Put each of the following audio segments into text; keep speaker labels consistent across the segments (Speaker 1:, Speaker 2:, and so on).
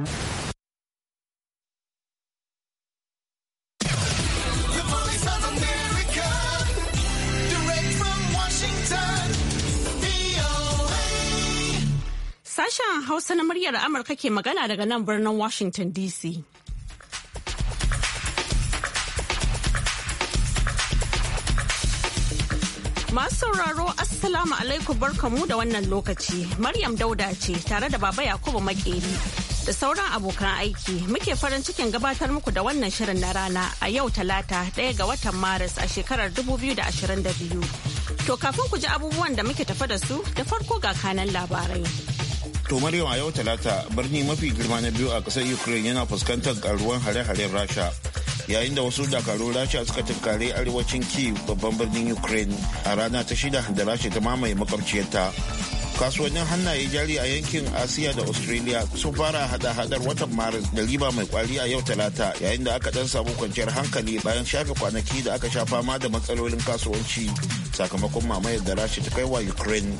Speaker 1: Sashen
Speaker 2: Hausa na muryar Amurka ke magana daga nan birnin Washington DC. Masu sauraro Assalamu alaikum barkamu da wannan lokaci. Maryam Dauda ce tare da Baba Yakubu Makeri da sauran abokan aiki muke farin cikin gabatar muku da wannan shirin na rana a yau talata ɗaya ga watan maris a shekarar 2022 to kafin ku ji abubuwan da muke tafa da su da farko ga kanan labarai
Speaker 3: to maryam a yau talata birni mafi girma na biyu a kasar ukraine yana fuskantar karuwan hare-haren rasha yayin da wasu dakarun rasha suka tunkari arewacin kiev babban birnin ukraine a rana ta shida da rasha ta mamaye makwabciyarta kasuwannin hannaye jari a yankin asiya da australia sun fara hada-hadar watan maris da riba mai kwari a yau talata yayin da aka dan samu kwanciyar hankali bayan shafe kwanaki da aka sha fama da matsalolin kasuwanci sakamakon mamayar da rashi ta kai wa ukraine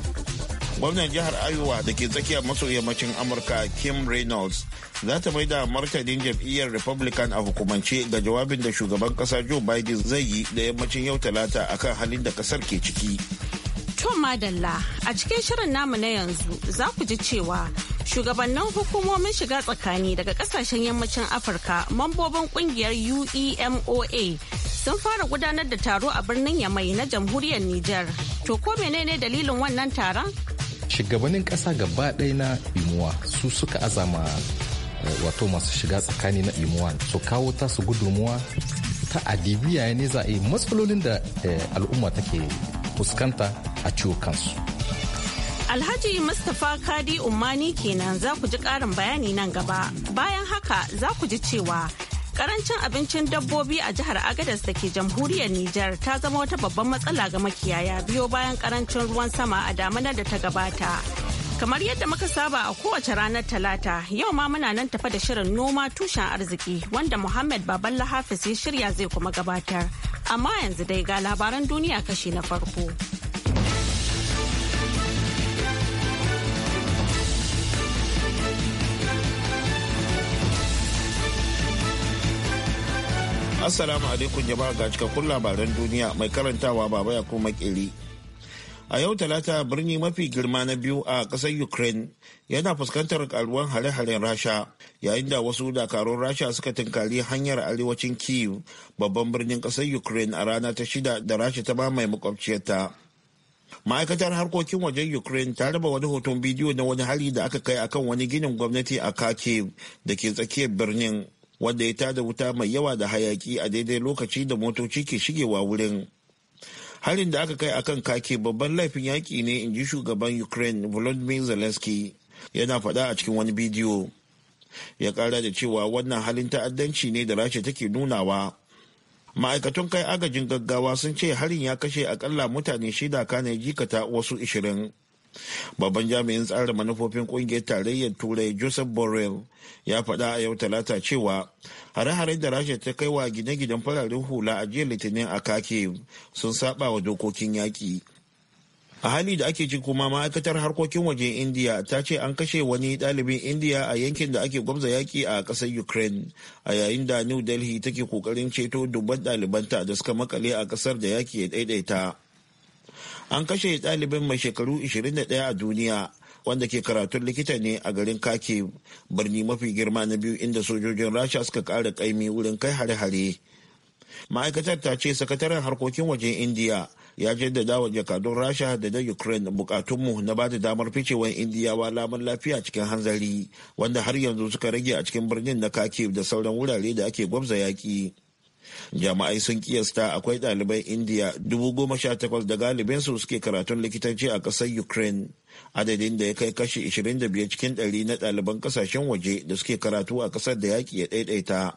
Speaker 3: gwamnan jihar iowa da ke tsakiyar maso yammacin amurka kim reynolds za ta mai da martanin jam'iyyar republican a hukumance ga jawabin da shugaban kasa joe biden zai yi da yammacin yau talata akan halin da kasar ke ciki
Speaker 2: To Madalla, a cikin shirin namu na yanzu za ku ji cewa shugabannin hukumomin shiga tsakani daga kasashen yammacin Afirka mambobin kungiyar UEMOA sun fara gudanar da taro a birnin Yamai na jamhuriyar Nijar. To ko menene dalilin wannan taron?
Speaker 1: Shugabannin ƙasa gaba ɗaya na imuwa su suka azama eh, wato masu shiga tsakani na imuwa su kawo tasu gudunmuwa ta adibiya ne za a yi matsalolin da eh, al'umma take fuskanta a ciwo kansu.
Speaker 2: Alhaji Mustapha Kadi umani kenan za ku ji ƙarin bayani nan gaba. Bayan haka za ku ji cewa karancin abincin dabbobi a jihar agadas da ke jamhuriyar Nijar ta zama wata babban matsala ga makiyaya biyo bayan karancin ruwan sama a damanar da ta gabata. Kamar yadda muka saba a kowace ranar Talata, yau ma muna nan tafa da shirin noma tushen arziki wanda Muhammad Baballa Hafiz ya shirya zai kuma gabatar. Amma yanzu dai ga labaran duniya kashi na farko.
Speaker 3: Assalamu alaikum jama'a ga cikakkun labaran duniya mai karantawa baba ya kuma makeri. a yau talata birni mafi girma na biyu a ƙasar ukraine yana fuskantar karuwan hare-haren rasha yayin da wasu dakarun rasha suka tunkari hanyar arewacin kiev babban birnin ƙasar ukraine a rana ta shida da rasha ta mamaye makwabciyarta ma'aikatar harkokin wajen ukraine ta raba wani hoton bidiyo na wani hali da aka kai akan wani ginin gwamnati a kharkiv da ke tsakiyar birnin wanda ya tada wuta mai yawa da hayaki a daidai lokaci da motoci ke shigewa wurin harin da aka kai akan kake babban laifin yaƙi ne in ji shugaban ukraine volodymyr zelensky yana faɗa a cikin wani bidiyo ya kara da cewa wannan halin ta'addanci ne da rasha take nunawa ma'aikatan kai agajin gaggawa sun ce harin ya kashe akalla mutane shida kane jikata wasu ishirin babban jami'in tsarin manufofin kungiyar tarayyar turai joseph borrell ya faɗa a yau talata cewa hare-hare da rasha ta kai wa gine-ginen fararen hula a jiya litinin a kake sun saba wa dokokin yaƙi a hali da ake ci kuma ma'aikatar harkokin waje indiya ta ce an kashe wani ɗalibin indiya a yankin da ake gwamza yaƙi a ƙasar ukraine a yayin da new delhi take ƙoƙarin ceto dubban ɗalibanta da suka makale a ƙasar da yaƙi ya ɗaiɗaita an kashe ɗalibin mai shekaru 21 a duniya wanda ke karatun likita ne a garin kake birni mafi girma na biyu inda sojojin rasha suka kara ƙaimi wurin kai hare-hare ma'aikatar ta ce sakataren harkokin wajen indiya ya jaddada wa jakadun rasha da na ukraine bukatunmu na ba da damar ficewar indiyawa lamun lafiya cikin hanzari wanda har yanzu suka rage a cikin birnin na kake da sauran wurare da ake gwabza yaƙi. Jami'ai sun kiyasta akwai ɗaliban Indiya dubu goma sha takwas da galibinsu suke karatun likitanci a ƙasar Ukraine, adadin da ya kai kashi 25 cikin ɗari na ɗaliban ƙasashen waje da suke karatu a ƙasar da yaƙi ya ɗaiɗaita.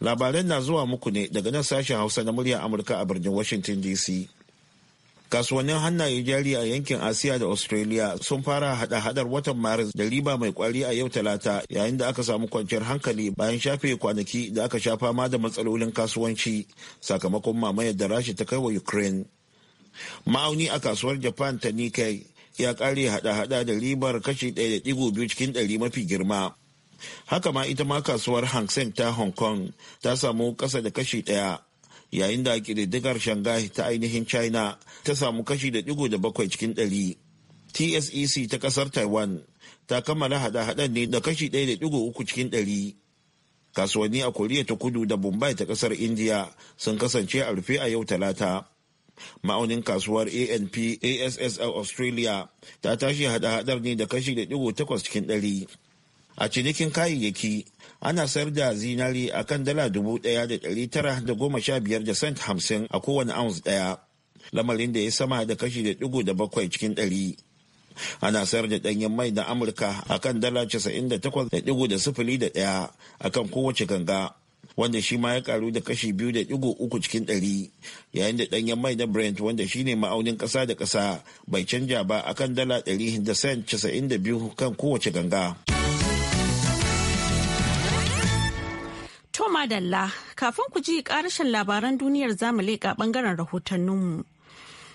Speaker 3: Labaran na zuwa muku ne daga nan sashen Hausa na murya Amurka a birnin Washington DC. kasuwannin hannaye jari a yankin asiya da australia sun fara hada hadar watan maris da riba mai kwari a yau talata yayin da aka samu kwanciyar hankali bayan shafe kwanaki da aka sha fama da matsalolin kasuwanci sakamakon mamayar da rashi ta kai wa ukraine ma'auni a kasuwar japan ta nikkei ya kare hada hada da ribar kashi ɗaya da biyu cikin ɗari mafi girma haka ma ita ma kasuwar hang seng ta hong kong ta samu kasa da kashi daya. yayin da ƙididdigar shanghai ta ainihin china ta samu kashi da digo da bakwai cikin ɗari tsec ta kasar taiwan ta kammala hada-hadan ne da kashi ɗaya da digo uku cikin ɗari kasuwanni a koriya ta kudu da mumbai ta kasar india sun kasance a rufe a yau talata ma'aunin kasuwar anp assl australia ta tashi hada-hadar ne da kashi da digo takwas cikin ɗari a cinikin kayayyaki ana sayar da zinari a kan dala dubu ɗaya da ɗari tara da goma sha biyar da cent hamsin a kowane ounce ɗaya lamarin da ya sama da kashi da ɗigo da bakwai cikin ɗari ana sayar da ɗanyen mai na amurka a kan dala casa'in da takwas da ɗigo da sifili da ɗaya a kan kowace ganga wanda shi ma ya karu da kashi biyu da ɗigo uku cikin ɗari yayin da ɗanyen mai na brent wanda shi ne ma'aunin ƙasa da kasa bai canja ba a kan dala ɗari da cent casa'in da biyu kan kowace ganga.
Speaker 2: madalla kafin ku ji karashin labaran duniyar zamu leƙa bangaren rahotanninmu.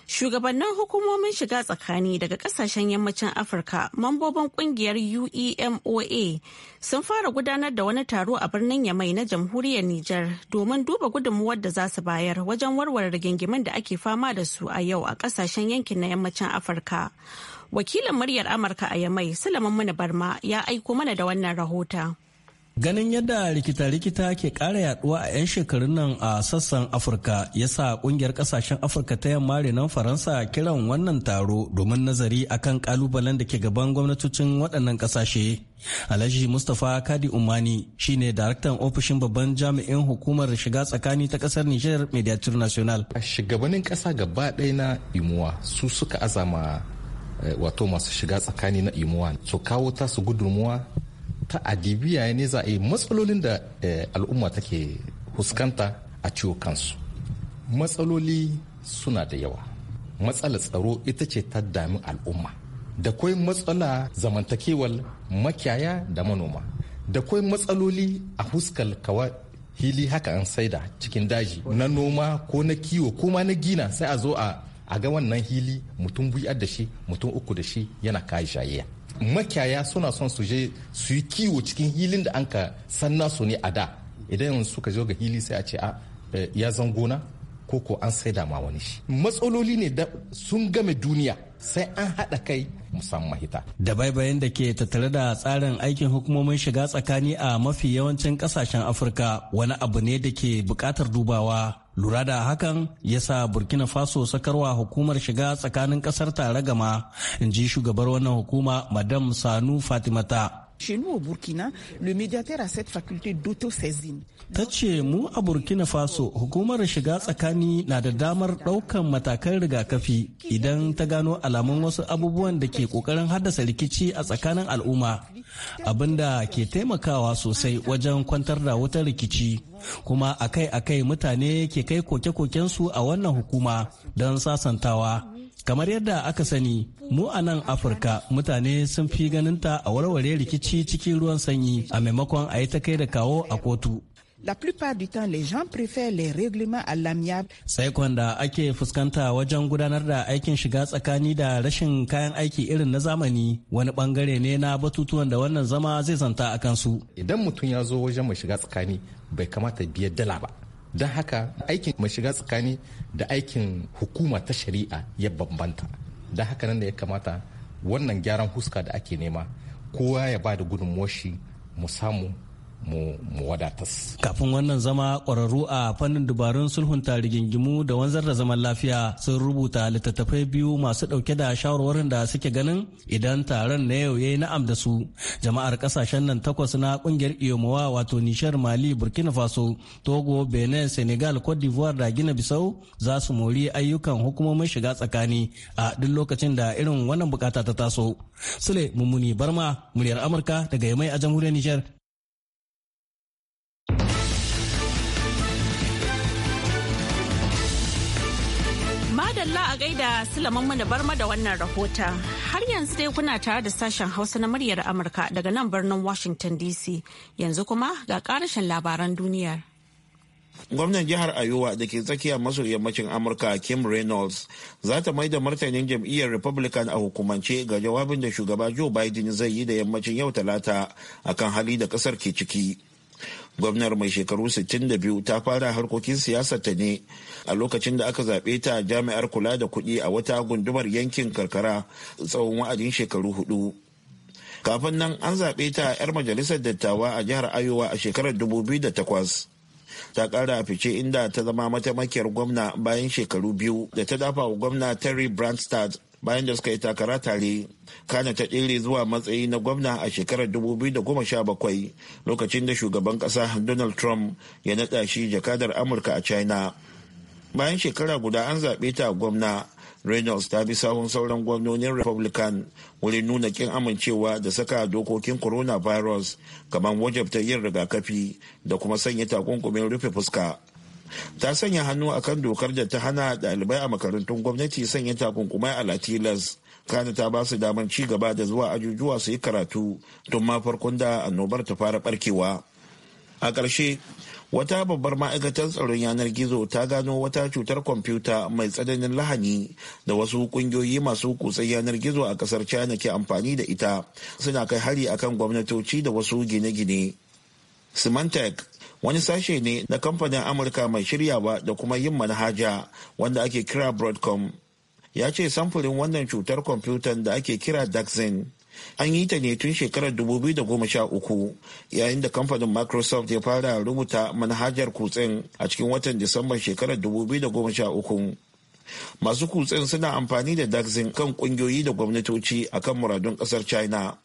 Speaker 2: Shugabannin hukumomin shiga tsakani daga kasashen yammacin Afirka mambobin kungiyar UEMOA sun fara gudanar da wani taro a birnin Yamai na jamhuriyar Nijar domin duba gudunmuwar da za su bayar wajen warware rigingimin da ake fama da su a yau a kasashen yankin na yammacin Afirka. Wakilin muryar Amurka a Yamai, Sulaiman Muna Barma ya aiko mana da wannan rahoton.
Speaker 4: Ganin yadda rikita-rikita ke kara yaduwa a 'yan shekarun nan a sassan Afirka ya sa ƙungiyar ƙasashen Afirka ta yamma renon Faransa kiran wannan taro domin nazari akan kalubalen da ke gaban gwamnatocin waɗannan ƙasashe. Alhaji Mustapha Kadi Umani shine daraktan ofishin babban
Speaker 1: jami'in hukumar shiga tsakani ta kasar niger Mediatur National. Shugabannin kasa gaba ɗaya na imuwa su suka azama eh, wato masu shiga tsakani na imuwa su kawo tasu gudunmuwa ta adibiya ne za a yi matsalolin da eh, al'umma take huskanta a ciwo kansu matsaloli suna da yawa matsalar tsaro ita ce ta dami al'umma da kwai matsala zamantakewar makiyaya da manoma da kwai matsaloli a huskar kawa hili haka an saida cikin daji na noma ko na kiwo ko ma na gina sai a zo a ga wannan hili mutum biyar da shi mutum uku da shi yana kayi shayayya makiyaya suna son su je su yi kiwo cikin hilin da an ka nasu su ne a da idan suka zo ga hili sai a ce a eh, ya zan gona ko ko an sai ma wani shi matsaloli ne da sun game duniya sai an haɗa kai musamman hita. Da baibayin da ke
Speaker 4: tattare da tsarin aikin hukumomin shiga tsakani a mafi yawancin kasashen Afirka wani abu ne da ke bukatar dubawa lura da hakan ya sa burkina faso sakarwa hukumar shiga tsakanin kasar tare gama in ji shugabar wannan hukuma madam sanu fatimata Chez nous au Burkina, le médiateur a cette faculté d'auto-saisine. Ta ce mu a Burkina Faso hukumar shiga tsakani na da damar ɗaukan matakan rigakafi idan ta gano alamun wasu abubuwan da ke kokarin haddasa rikici a tsakanin al'umma. abinda ke taimakawa sosai wajen kwantar da wutar rikici. Kuma akai-akai mutane ke kai koke-kokensu a wannan hukuma don sasantawa. kamar yadda aka sani mu a nan afirka mutane sun fi ganinta a warware rikici cikin ruwan sanyi a maimakon a yi ta kai da kawo a kotu
Speaker 2: La plupart du temps, les gens préfèrent les règlements à l'amiable.
Speaker 4: Sai kwanda ake fuskanta wajen gudanar da aikin shiga tsakani da rashin kayan aiki irin na zamani wani bangare ne na
Speaker 1: batutuwan da wannan zama zai zanta a kansu. Idan mutum ya zo wajen mai shiga tsakani bai kamata biyar dala ba. don haka aikin shiga tsakani da aikin hukuma ta shari'a ya bambanta don haka nan da ya kamata wannan gyaran huska da ake nema kowa ya ba da gudunmuwar mu samu mu wadatas. Kafin wannan
Speaker 4: zama kwararru a fannin dubarun sulhunta rigingimu da wanzar da zaman lafiya sun rubuta littattafai biyu masu ɗauke da shawarwarin da suke ganin idan taron na yau yayi na'am da su. Jama'ar kasashen nan takwas na ƙungiyar Iyomawa wato Nishar Mali, Burkina Faso, Togo, Benin, Senegal, Cote d'Ivoire da Gina bisau za su mori ayyukan hukumomin shiga tsakani a duk lokacin da irin wannan bukata ta taso. Sule Mummuni Barma, muryar Amurka daga Yamai a jamhuriyar Nijar.
Speaker 2: madalla a gaida sulaman mu da barma da wannan rahoton. Har yanzu dai kuna tare da sashen Hausa na muryar Amurka daga nan birnin Washington DC. Yanzu kuma ga karashin labaran duniyar.
Speaker 3: Gwamnan jihar Ayowa da ke tsakiya maso yammacin Amurka Kim Reynolds za ta da martanin jam'iyyar Republican a hukumance ga jawabin da shugaba Joe Biden zai yi da yammacin yau talata akan hali da kasar ke ciki. gwamnar mai shekaru 62 ta fara harkokin siyasarta ne a lokacin da aka zaɓe ta jami'ar kula da kuɗi a wata gundumar yankin karkara tsawon wa'adin shekaru hudu kafin nan an zaɓe ta 'yar majalisar dattawa a jihar ayowa a shekarar 2008 ta ƙara fice inda ta zama mataimakiyar gwamna bayan shekaru biyu da ta dafa wa gwamna terry brandstad bayan da suka yi takara tare kana ta ɗere zuwa matsayi na gwamna a shekarar 2017 lokacin da shugaban ƙasa donald trump ya naɗa shi jakadar amurka a china bayan shekara guda an zaɓe ta gwamna reynolds ta bi sahun sauran gwamnonin republican wurin nuna kin amincewa da saka dokokin coronavirus kamar wajabta yin rigakafi da kuma sanya takunkumin rufe fuska ta sanya hannu akan dokar da ta hana ɗalibai a makarantun gwamnati sanya takunkumai a latilas kana ta ba su damar ci gaba da zuwa ajujuwa su yi karatu tun ma farkon da annobar ta fara barkewa a ƙarshe wata babbar ma'aikatar tsaron yanar gizo ta gano wata cutar kwamfuta mai tsananin lahani da wasu kungiyoyi masu kutsen yanar gizo a kasar china ke amfani da ita suna kai hari akan gwamnatoci da wasu gine-gine symantec wani sashe ne na kamfanin amurka mai shiryawa da kuma yin manhaja wanda ake kira broadcom ya ce samfurin wannan cutar kwamfutan da ake kira daxin an yi ta ne tun shekarar 2013 yayin da kamfanin microsoft ya fara rubuta manhajar kutsen a cikin watan disamban shekarar 2013 masu kutsen suna amfani da daxin kan kungiyoyi da gwamnatoci akan muradun kasar china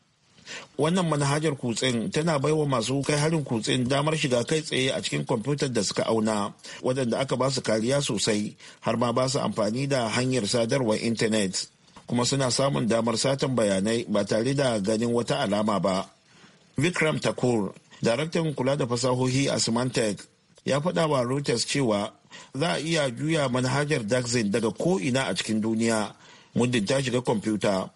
Speaker 3: wannan manhajar kutsen tana baiwa masu kai harin kutsen damar shiga kai tsaye a cikin kwamfutar da suka auna waɗanda aka ba su kariya sosai har ma ba su amfani da hanyar sadarwar intanet kuma suna samun damar satan bayanai ba tare da ganin wata alama ba vikram takur daraktan kula da fasahohi a symantec ya faɗa wa reuters cewa za a iya juya manhajar daxin daga ina a cikin duniya muddin ta shiga kwamfuta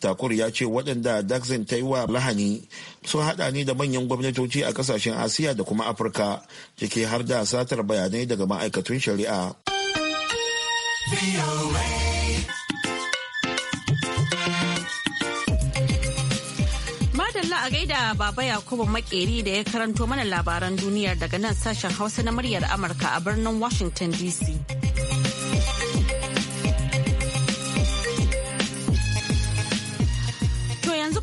Speaker 3: takur ya ce waɗanda daxin ta yi wa lahani sun haɗa ne da manyan gwamnatoci a ƙasashen asiya da kuma afirka ciki har da satar bayanai daga ma'aikatun shari'a
Speaker 2: a gaida baba yakubu makeri da ya karanto mana labaran duniyar daga nan sashen hausa na muryar amurka a birnin washington dc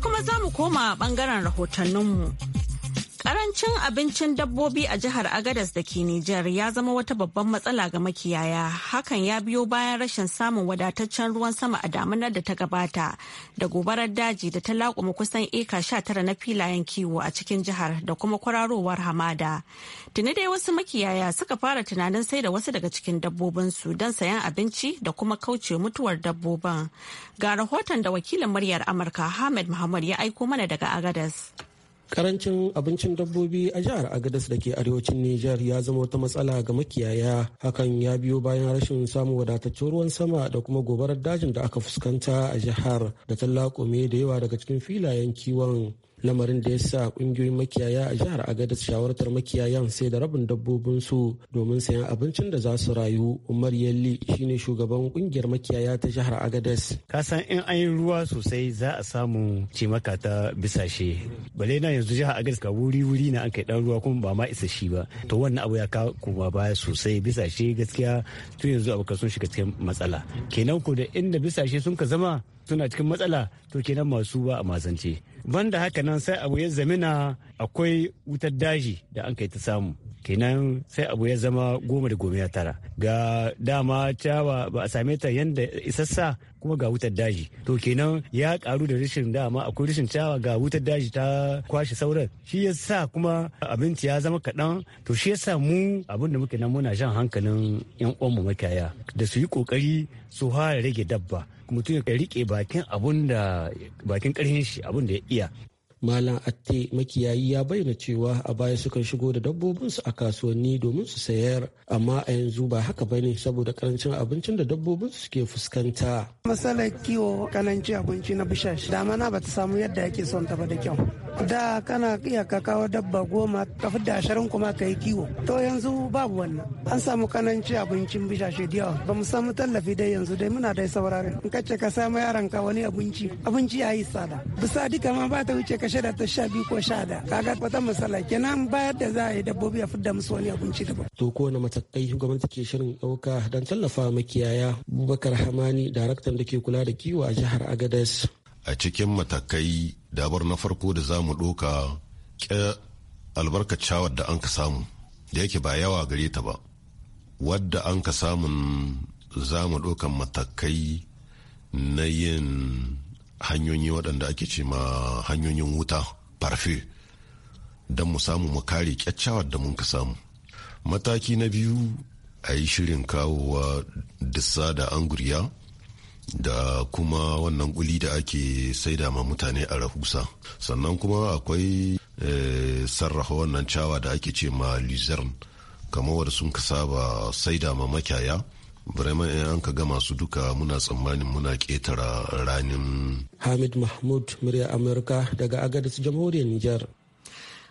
Speaker 2: yanzu kuma za mu koma bangaren rahotanninmu. Karancin abincin dabbobi a jihar Agadas da ke Nijar ya zama wata babban matsala ga makiyaya. Hakan ya biyo bayan rashin samun wadataccen ruwan sama a damunar da ta gabata da gobarar daji da ta laƙuma kusan eka sha tara na filayen kiwo a cikin jihar da kuma kwararowar hamada. Tuni dai wasu makiyaya suka fara tunanin sai da wasu daga cikin dabbobinsu don sayan abinci da kuma kauce mutuwar dabbobin. Ga rahoton da wakilin muryar Amurka Ahmed Muhammad ya aiko mana daga Agadas.
Speaker 5: Karancin abincin dabbobi a jihar Agadez da ke arewacin Nijar ya zama wata matsala ga makiyaya. Hakan ya biyo bayan rashin samun wadataccen ruwan sama da kuma gobarar dajin da aka fuskanta a jihar da talla da yawa daga cikin filayen kiwon. lamarin da ya sa kungiyoyin makiyaya a jihar agadas shawartar makiyayan sai da rabin dabbobin su domin sayan abincin da za su rayu umar yalli shine shugaban kungiyar
Speaker 4: makiyaya ta jihar ka san in an yi ruwa sosai za a samu cimaka ta bisashe bale na yanzu jihar agadas ka wuri wuri na an kai dan ruwa kuma ba ma isa shi ba to wannan abu ya ka kuma baya sosai bisashe gaskiya tun yanzu abu sun shiga cikin matsala kenan ko da inda bisashe sun ka zama suna cikin matsala to kenan masu ba a mazance banda haka nan sai abu ya zamina akwai wutar daji da an kai ta samu kenan sai abu ya zama goma da goma ya tara ga dama ciyawa ba a same ta yadda isassa kuma ga wutar daji to kenan ya karu da rashin dama akwai rashin ciyawa ga wutar daji ta kwashe sauran shi ya sa kuma abinci ya zama kaɗan to shi ya sa mu abinda muke nan muna shan hankalin yan uwanmu makaya da su yi kokari su fara rage dabba mutum ya rike bakin abun da bakin karhin shi abun da ya iya
Speaker 5: Malam Atte makiyayi ya bayyana cewa a baya sukan shigo da dabbobin su a kasuwanni domin su sayar amma a yanzu ba haka ba ne saboda karancin abincin da su suke fuskanta. masalar kiwo karancin abinci na bishash da mana ba ta samu yadda ake son ta ba da kyau. Da kana iya ka kawo dabba goma ka da ashirin kuma ka yi kiwo. To yanzu babu wannan. An samu kananci abincin bishash da yawa. Ba mu samu tallafi dai yanzu dai muna dai sauraron. In ka ce ka samu yaranka wani abinci abinci ya yi tsada. Bisa duka ma ba ta wuce ka shida ta sha biyu ko sha da kaga wata kenan bayar da za a yi dabbobi a fidda musu wani abinci daban. to ko na matakai gwamnati ke shirin ɗauka don tallafa makiyaya bubakar hamani daraktan da ke kula da kiwo a jihar agadez. a cikin matakai dabar na farko da za mu ɗoka albarkacawar da an ka samu da yake ba yawa gare ta ba wadda an ka samun za mu ɗaukan matakai na yin hanyoyi waɗanda ake ce ma hanyoyin wuta parfe don mu samu mu kare kyakkyawar da mun ka samu mataki na biyu a yi shirin kawowa dissa da anguriya da kuma wannan kuli da ake saida ma mutane a rahusa sannan kuma akwai eh, sarrafa wannan cawa da ake ce ma luzern kamar wadda sun ka saba saida ma makyaya. Bremen in an ka gama su duka muna tsammanin muna ketara ranin. Hamid Mahmud murya Amurka daga Agadis Jamhuriyar Nijar.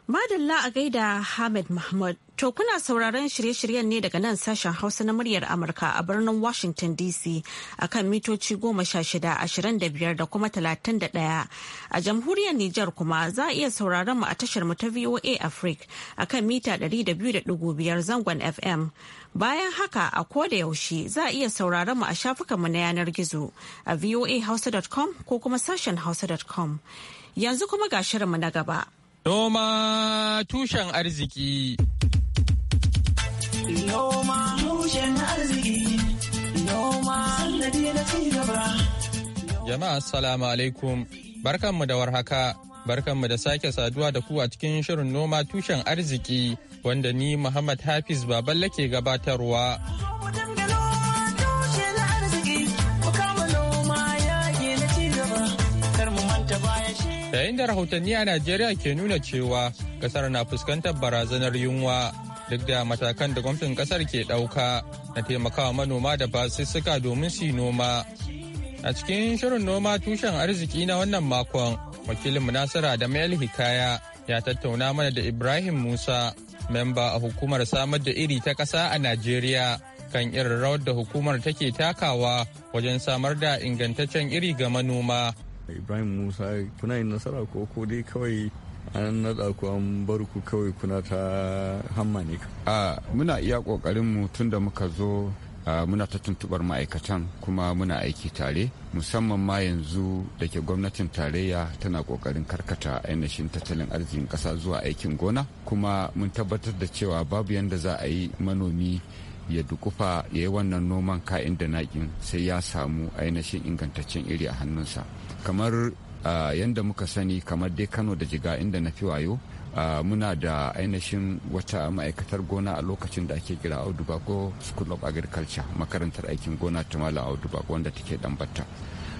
Speaker 2: Madalla a gaida Hamid Mahmud. To kuna sauraron shirye-shiryen ne daga nan sashen Hausa na muryar Amurka a birnin Washington DC a kan mitoci goma sha shida ashirin da biyar da kuma talatin da daya A jamhuriyar Nijar kuma za a iya sauraron mu a tashar mu ta VOA Africa a kan mita ɗari da biyu da biyar zangon FM. Bayan haka a koda yaushe za a iya sauraron mu a shafukanmu na yanar gizo a voahausa.com ko kuma sashen hausa.com. Yanzu kuma ga shirinmu na gaba.
Speaker 6: Noma tushen arziki.
Speaker 7: arziki. Noma
Speaker 6: Jama'a salamu alaikum barkanmu da warhaka barkanmu da sake saduwa da ku a cikin shirin noma tushen arziki wanda ni Muhammad Hafiz Baballe ke gabatarwa. Yayin da rahotanni a Najeriya ke nuna cewa kasar na fuskantar barazanar yunwa duk da matakan da gwamnatin kasar ke ɗauka na taimakawa manoma da basussuka domin su noma. A cikin shirin noma tushen arziki na wannan makon, wakilin munasara da mayal Hikaya ya tattauna mana da Ibrahim Musa memba a hukumar samar da iri ta ƙasa a Najeriya kan irin rawar da hukumar take takawa wajen samar da ingantaccen iri ga manoma.
Speaker 7: Ibrahim Musa kuna yin nasara ko ko
Speaker 8: dai kawai an naɗa ku an bar ku kawai kuna ta hamma ne. muna iya ƙoƙarin mu tun da muka zo Ah, muna ta tuntubar ma'aikatan kuma muna aiki tare musamman ma yanzu da ke gwamnatin tarayya tana kokarin karkata ainihin tattalin arzikin ƙasa zuwa aikin gona kuma mun tabbatar da cewa babu yadda za a yi manomi ya dukufa ya yi wannan noman ka'in da naƙin sai ya samu ainihin ingantaccen iri a hannunsa kamar ah, yadda muka sani kamar dai kano da jiga inda na fi wayo Ah, muna da ainihin wata ma'aikatar gona a lokacin da ake gira audu bako school of agriculture makarantar aikin gona ta malam audu bako wanda take dambata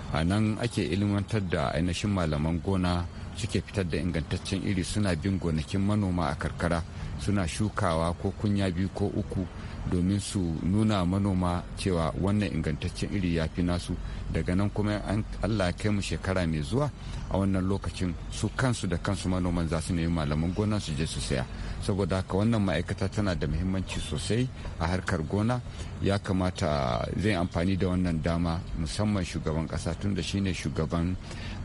Speaker 8: a nan ake ilimantar da ainihin malaman gona suke fitar da ingantaccen iri suna bin gonakin manoma a karkara suna shukawa ko kunya biyu ko uku domin su nuna manoma cewa wannan ingantaccen iri ya fi nasu daga nan kuma an allah kai mu shekara mai zuwa a wannan lokacin su kansu da kansu manoman za su nemi malaman gona su je su saya saboda haka wannan ma'aikata tana da muhimmanci sosai a harkar gona ya kamata zai amfani da wannan dama musamman shugaban kasa tun da shine shugaban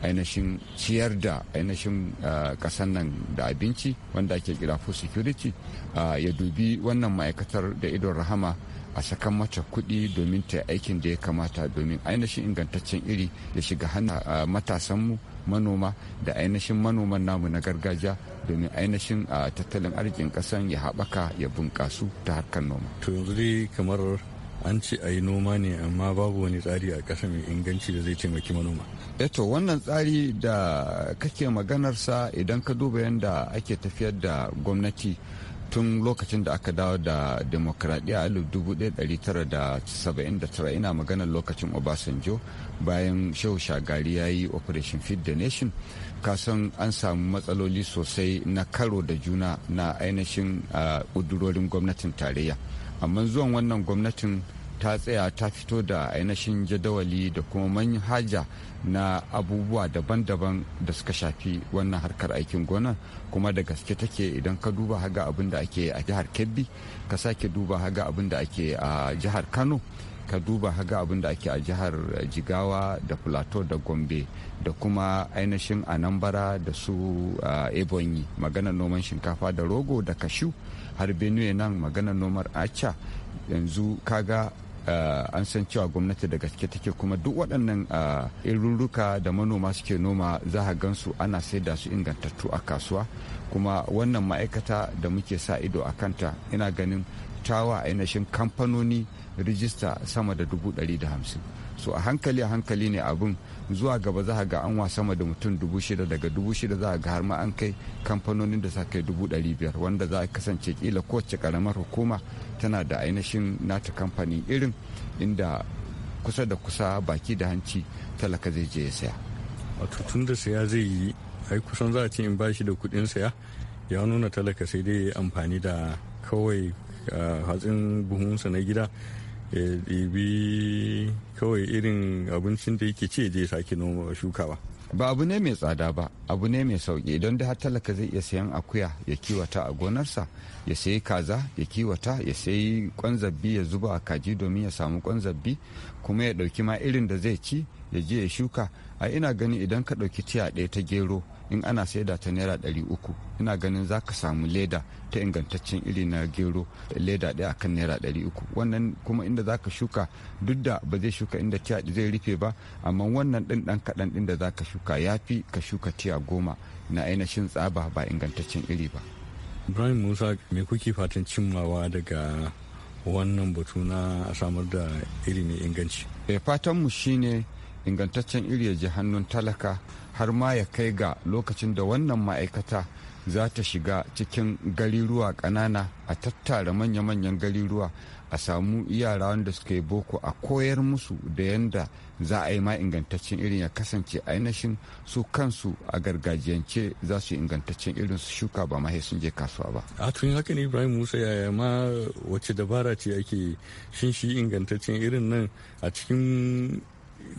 Speaker 8: ainihin ciyar da ainihin kasan ah, nan da abinci wanda ake kira food security ah, ya dubi wannan ma'aikatar da idon rahama a sakan mata kuɗi domin ta aikin da ya kamata domin ainihin ingantaccen iri ya shiga matasan ah, matasanmu manoma da ainihin manoman namu na gargajiya domin ainihin tattalin arzikin ƙasan ya haɓaka ya bunƙasu ta harkar noma. To yanzu dai kamar an ce a yi noma ne amma babu wani tsari a
Speaker 7: ƙasa mai inganci da zai taimaki
Speaker 8: manoma. eto eh wannan tsari da kake maganarsa idan ka duba yadda ake tafiyar da gwamnati tun lokacin da aka dawo da demokradiyya a 1979 ina maganar lokacin obasanjo bayan shehu shagari ya yi operation feed the nation kasan an samu matsaloli sosai na karo da juna na ainihin kudurorin ah, gwamnatin tarayya amma zuwan wannan gwamnatin ta tsaya ta fito da ainihin jadawali da kuma manhaja na abubuwa daban-daban da suka shafi wannan harkar aikin gona kuma da gaske take idan ka duba haga abin da ake a jihar kebbi ka sake duba haga abin da ake a jihar kano ka duba haga abin da ake a jihar jigawa da plateau da gombe da kuma ainihin anambara da su ebonyi maganar noman shinkafa da rogo da kashu har benue nan maganar nomar acha yanzu kaga Eh, an san cewa gwamnati da gaske take kuma duk waɗannan eh, irurruka da manoma suke noma za a gansu ana saida su ingantattu a kasuwa kuma wannan ma'aikata da muke sa ido a kanta ina ganin tawa a ainihin kamfanoni rijista sama da dubu ɗari da hamsin so a hankali a hankali ne abin zuwa gaba za ga an wa sama da mutum dubu shida daga dubu shida za ga har ma an kai kamfanonin da sa kai dubu ɗari biyar wanda za a kasance kila kowace ƙaramar hukuma tana da ainihin nata kamfanin irin inda kusa da kusa baki da hanci talaka zai je ya saya wato tun da saya zai yi ai kusan za
Speaker 7: a ce in shi da kudin saya ya nuna talaka sai dai amfani da kawai hatsin buhunsa na gida ya ɗibi kawai irin
Speaker 8: abincin da yake ce je sake noma shukawa ba abu ne mai tsada ba abu ne mai sauki idan da har talaka zai iya sayan akuya ya kiwata a gonarsa ya sayi kaza ya kiwata ya sayi kwanzabbi ya zuba a kaji domin ya samu kwanzabbi kuma ya dauki ma irin da zai ci ya je ya shuka a ina gani idan ka dauki tiya ɗaya ta gero in ana saida ta naira ɗari uku ina ganin za ka samu leda ta ingantaccen iri na gero leda ɗaya akan naira ɗari uku wannan kuma inda za ka shuka duk da ba zai shuka inda tiya zai rufe ba amma wannan ɗin ɗan kaɗan inda za ka shuka ya fi ka shuka tiya goma na ainihin tsaba ba ingantaccen iri ba.
Speaker 7: Ibrahim Musa me kuke fatan cimmawa
Speaker 8: daga wannan batu na samar da iri mai inganci? Eh, fatanmu shine ingantaccen iri ya je hannun talaka har ma ya kai ga lokacin da wannan ma'aikata za ta shiga cikin gariruwa ƙanana a tattara manya-manyan gariruwa a samu yara wanda suka yi boko a koyar musu da yadda za a yi ma ingantaccen irin ya kasance ainihin su kansu a gargajiyance za su yi ingantaccen irin su shuka ba ma sun je kasuwa ba.
Speaker 7: a tun haka ne ibrahim musa yaya ma wacce dabara ce ake shin shi ingantaccen irin nan a cikin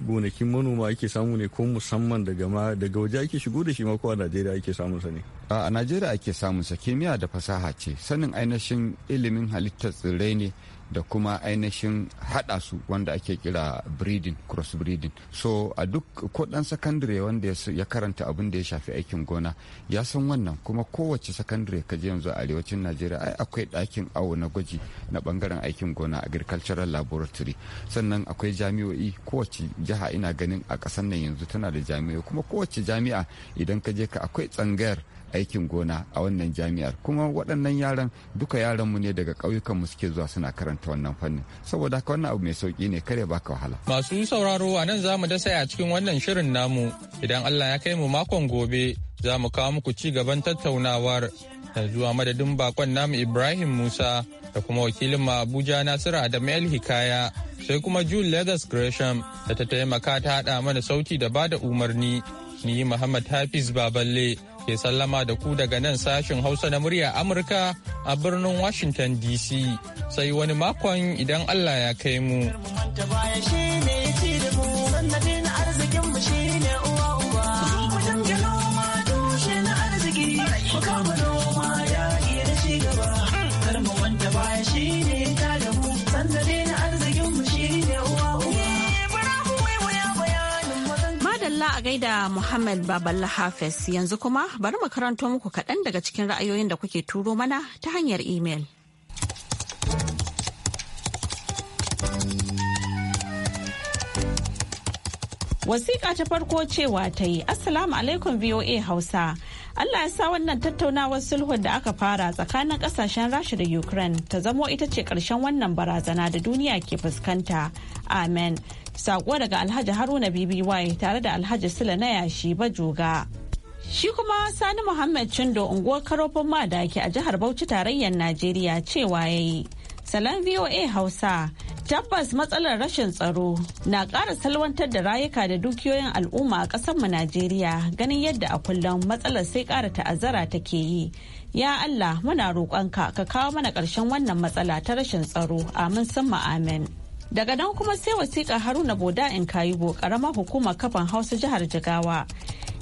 Speaker 7: gonakin manoma ake samu ne ko musamman daga waje ake shigo da shi ma ko a Najeriya ake
Speaker 8: samun sa ne a Najeriya ake samun sa kimiyya da fasaha ce sanin ainihin ilimin halittar tsirrai ne da kuma ainihin haɗa su wanda ake kira breeding cross breeding so a duk ko dan sakandare wanda ya karanta abin da ya shafi aikin gona ya san wannan kuma kowace sakandare ka je yanzu a arewacin najeriya ai akwai dakin awo na gwaji na bangaren aikin gona agricultural laboratory sannan akwai jami'o'i kowace jiha ina ganin a ƙasar nan yanzu tana da jami'o'i kuma kowace jami'a idan ka je ka akwai tsangayar aikin gona a wannan jami'ar kuma waɗannan yaran duka yaran mu ne daga ƙauyukan mu suke zuwa suna karanta wannan fannin saboda haka wannan abu mai sauki ne kare baka wahala
Speaker 6: masu sauraro a nan zamu dasa a cikin wannan shirin namu idan Allah ya kai mu makon gobe za mu kawo muku ci gaban tattaunawar yanzu madadin bakon namu Ibrahim Musa da kuma wakilin mu Abuja Nasiru Adamu El Hikaya sai kuma June Legas Gresham da ta taimaka ta haɗa mana sauti da bada umarni ni Muhammad Hafiz Baballe ke sallama da ku daga nan sashen Hausa na murya Amurka a birnin Washington DC sai wani makon idan Allah ya kai mu.
Speaker 2: a gaida Muhammad Baballa Hafiz yanzu kuma bari mu karanto muku kaɗan daga cikin ra'ayoyin da kuke turo mana ta hanyar imel. Wasiƙa ta farko cewa ta yi Assalamu alaikum VOA Hausa. Allah ya sa wannan tattaunawar sulhun da aka fara tsakanin kasashen Rasha da Ukraine ta zamo ita ce ƙarshen wannan barazana da duniya ke fuskanta. Amen. Sako daga Alhaji Haruna BBY tare da Alhaji Sula na yashi Bajoga. Shi kuma Sani Muhammad Chindo unguwar karofin madaki a jihar Bauchi tarayyar Najeriya cewa ya yi. salon VOA Hausa. Tabbas matsalar rashin tsaro na ƙara salwantar da rayuka da dukiyoyin al'umma a ƙasarmu Najeriya ganin yadda a kullum matsalar sai ƙara ta'azzara take yi. Ya Allah muna roƙonka ka kawo mana ƙarshen wannan matsala ta rashin tsaro amin sun amin. daga nan kuma sai wasiƙa haruna boda in kayibo ƙaramar hukumar kafan hausa jihar jigawa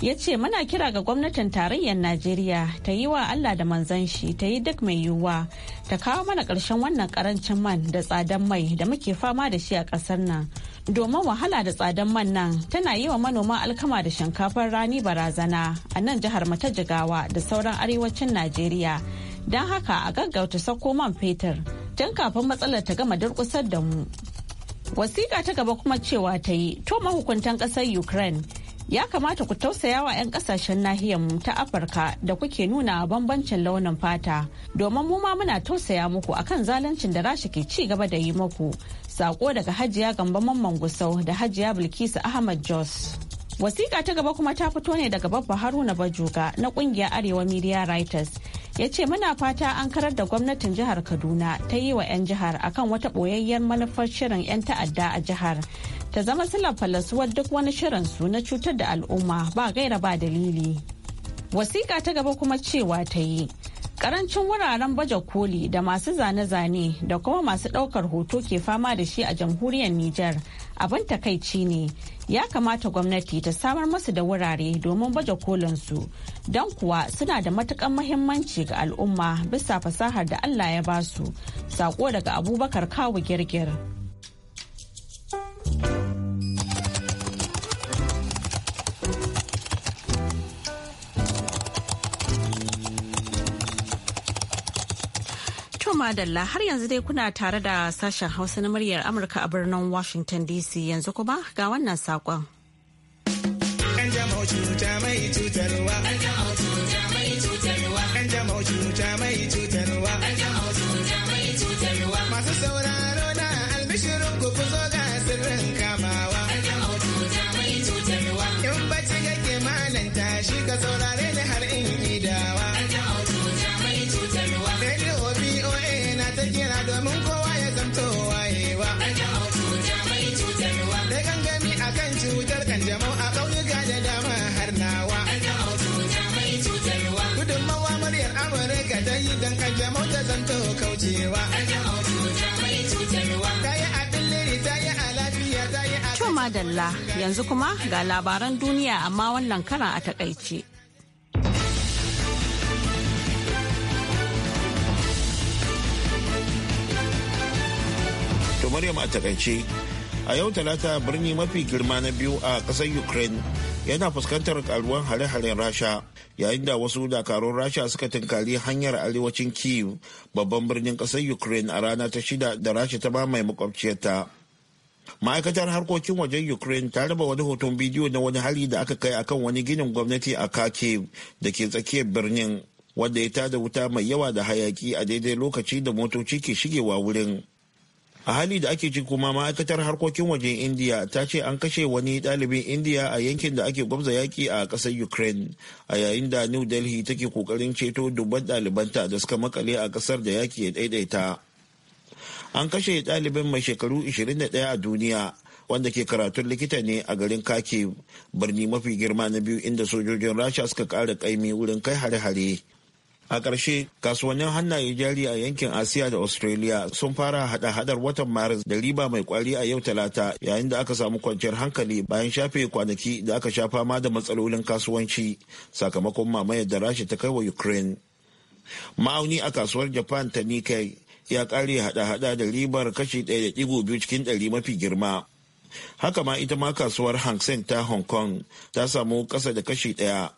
Speaker 2: ya ce muna kira ga gwamnatin tarayyar najeriya ta yi wa allah da manzan shi ta yi duk mai yiwuwa ta kawo mana ƙarshen wannan ƙarancin man da tsadan mai da muke fama da shi a ƙasar nan domin wahala da tsadan man nan tana yi wa manoma alkama da shinkafar rani barazana a nan jihar mata jigawa da sauran arewacin najeriya don haka a gaggauta sako man fetur tun kafin matsalar ta gama durkusar da mu wasiƙa ta gaba kuma cewa ta yi to mahukuntan ƙasar ukraine ya kamata ku tausaya wa 'yan ƙasashen nahiyar mu ta afirka da kuke nuna bambancin launin fata domin mu ma muna tausaya muku akan zaluncin da rasha ke ci gaba da yi muku sako daga hajiya gamba mamman gusau da hajiya bilkisu ahmad jos wasiƙa ta gaba kuma ta fito ne daga babba haruna bajuga na ƙungiyar arewa media writers ya ce muna fata an karar da gwamnatin jihar kaduna ta yi wa 'yan jihar akan wata ɓoyayyar manufar shirin 'yan ta'adda a jihar ta zama silar falasuwar duk wani shirin su na cutar da al'umma ba gaira ba dalili wasiƙa ta gaba kuma cewa ta yi karancin wuraren baje koli da masu zane-zane da kuma masu ɗaukar hoto ke fama da shi a jamhuriyar niger abin takaici ne ya kamata gwamnati ta samar masu da wurare domin baje kolinsu don kuwa suna da matukan mahimmanci ga al'umma bisa fasahar da allah ya basu sako daga abubakar kawu girgir. To Madalla har yanzu dai kuna tare da sashen Hausa na muryar Amurka a birnin Washington DC yanzu kuma ga wannan saƙon.
Speaker 1: Masu sauraro na almishirin ku zo
Speaker 2: kaucewa madalla yanzu kuma ga labaran duniya amma wannan kara a takaice.
Speaker 3: To Maryam a takaice a yau talata birni mafi girma na biyu a ƙasar ukraine yana fuskantar karuwan hare-haren rasha yayin da wasu dakarun rasha suka tunkari hanyar arewacin kiev babban birnin ƙasar ukraine a rana ta shida da rasha ta ba mamaye makwabciyarta ma'aikatar harkokin wajen ukraine ta raba wani hoton bidiyo na wani hali da aka kai akan wani ginin gwamnati a kharkiv da ke tsakiyar birnin wanda ya tada wuta mai yawa da hayaki a daidai lokaci da motoci ke shigewa wurin a hali da ake ci kuma ma'aikatar harkokin wajen indiya ta ce an kashe wani ɗalibin indiya a yankin da ake gwamza yaƙi a ƙasar ukraine a yayin da new delhi take kokarin ceto dubban ɗalibanta da suka makale a ƙasar da yaƙi ya ɗaiɗaita an kashe ɗalibin mai shekaru 21 a duniya wanda ke karatun likita ne a garin kake birni mafi girma na biyu inda sojojin rasha suka kara kaimi wurin kai hare-hare a ƙarshe kasuwannin hannaye jari a yankin asiya da australia sun fara hada hadar watan maris da riba mai kwari a yau talata yayin da aka samu kwanciyar hankali bayan shafe kwanaki da aka sha fama da matsalolin kasuwanci sakamakon mamayar da rasha ta kai wa ukraine ma'auni a kasuwar japan ta nikkei ya kare hada-hada da ribar kashi ɗaya da biyu cikin ɗari mafi girma haka ma ita ma kasuwar hang ta hong kong ta samu ƙasa da kashi ɗaya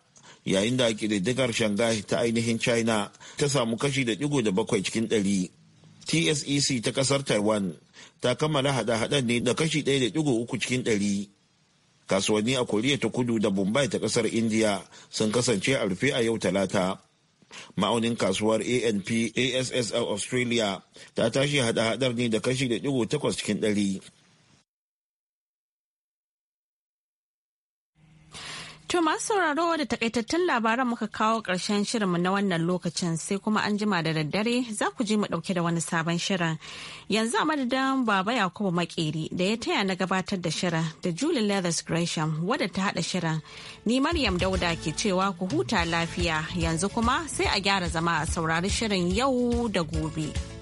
Speaker 3: yayin da ƙididdigar shanghai ta ainihin china ta samu kashi da digo da bakwai cikin ɗari tsec ta kasar taiwan ta kammala hada-hadan ne da kashi ɗaya da digo uku cikin ɗari kasuwanni a koriya ta kudu da mumbai ta kasar india sun kasance a rufe a yau talata ma'aunin kasuwar anp assl australia ta tashi hada-hadar ne da kashi da digo takwas cikin ɗari
Speaker 2: To masu sauraro da takaitattun labaran muka kawo ƙarshen shirinmu na wannan lokacin sai kuma an jima da daddare za ku ji mu ɗauke da wani sabon shirin. Yanzu a madadin Baba Yakubu Makeri da ya taya na gabatar da shirin da Julie Leathers Gresham wadda ta haɗa shirin. Ni Maryam Dauda ke cewa ku huta lafiya yanzu kuma sai a gyara zama a saurari shirin yau da gobe.